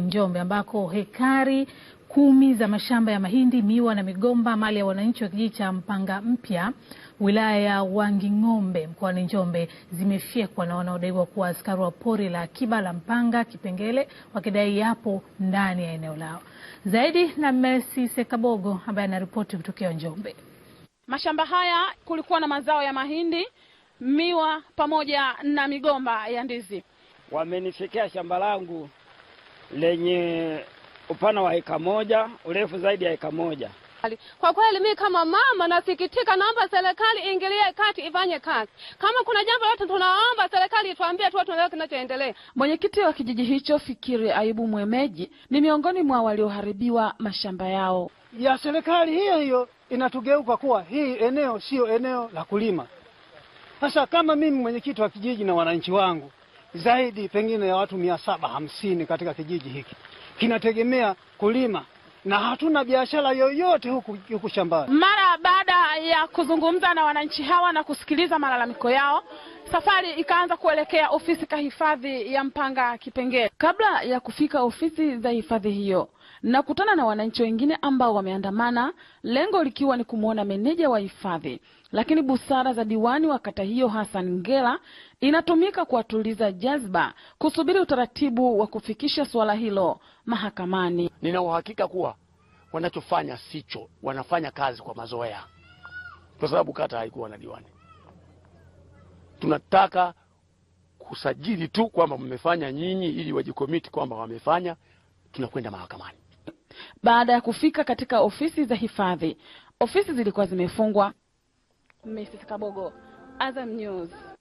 Njombe ambako hekari kumi za mashamba ya mahindi, miwa na migomba mali ya wananchi wa kijiji cha Mpanga Mpya wilaya ya Wanging'ombe mkoani Njombe zimefyekwa na wanaodaiwa kuwa askari wa pori la akiba la Mpanga Kipengele wakidai yapo ndani ya eneo lao. Zaidi na Mercy Sekabogo ambaye anaripoti kutokea Njombe. Mashamba haya kulikuwa na mazao ya mahindi, miwa pamoja na migomba ya ndizi. Wamenifikia shamba langu lenye upana wa heka moja, urefu zaidi ya heka moja. Kwa kweli mimi kama mama nasikitika, naomba serikali ingilie kati, ifanye kazi. Kama kuna jambo lolote, tunaomba serikali ituambie tu watu kinachoendelea. Mwenyekiti wa kijiji hicho Fikiri Ayubu Mwemeji ni miongoni mwa walioharibiwa mashamba yao. Ya serikali hiyo hiyo inatugeuka kuwa hii eneo siyo eneo la kulima. Sasa kama mimi mwenyekiti wa kijiji na wananchi wangu zaidi pengine ya watu mia saba hamsini katika kijiji hiki kinategemea kulima na hatuna biashara yoyote huku, huku shambani. Mara baada ya kuzungumza na wananchi hawa na kusikiliza malalamiko yao Safari ikaanza kuelekea ofisi ka hifadhi ya Mpanga Kipengere. Kabla ya kufika ofisi za hifadhi hiyo, nakutana na wananchi wengine ambao wameandamana, lengo likiwa ni kumwona meneja wa hifadhi. Lakini busara za diwani wa kata hiyo Hassan Ngela inatumika kuwatuliza jazba, kusubiri utaratibu wa kufikisha suala hilo mahakamani. Nina uhakika kuwa wanachofanya sicho, wanafanya kazi kwa mazoea, kwa sababu kata haikuwa na diwani tunataka kusajili tu kwamba mmefanya nyinyi, ili wajikomiti kwamba wamefanya, tunakwenda mahakamani. Baada ya kufika katika ofisi za hifadhi, ofisi zilikuwa zimefungwa. Mrs. Kabogo, Azam News.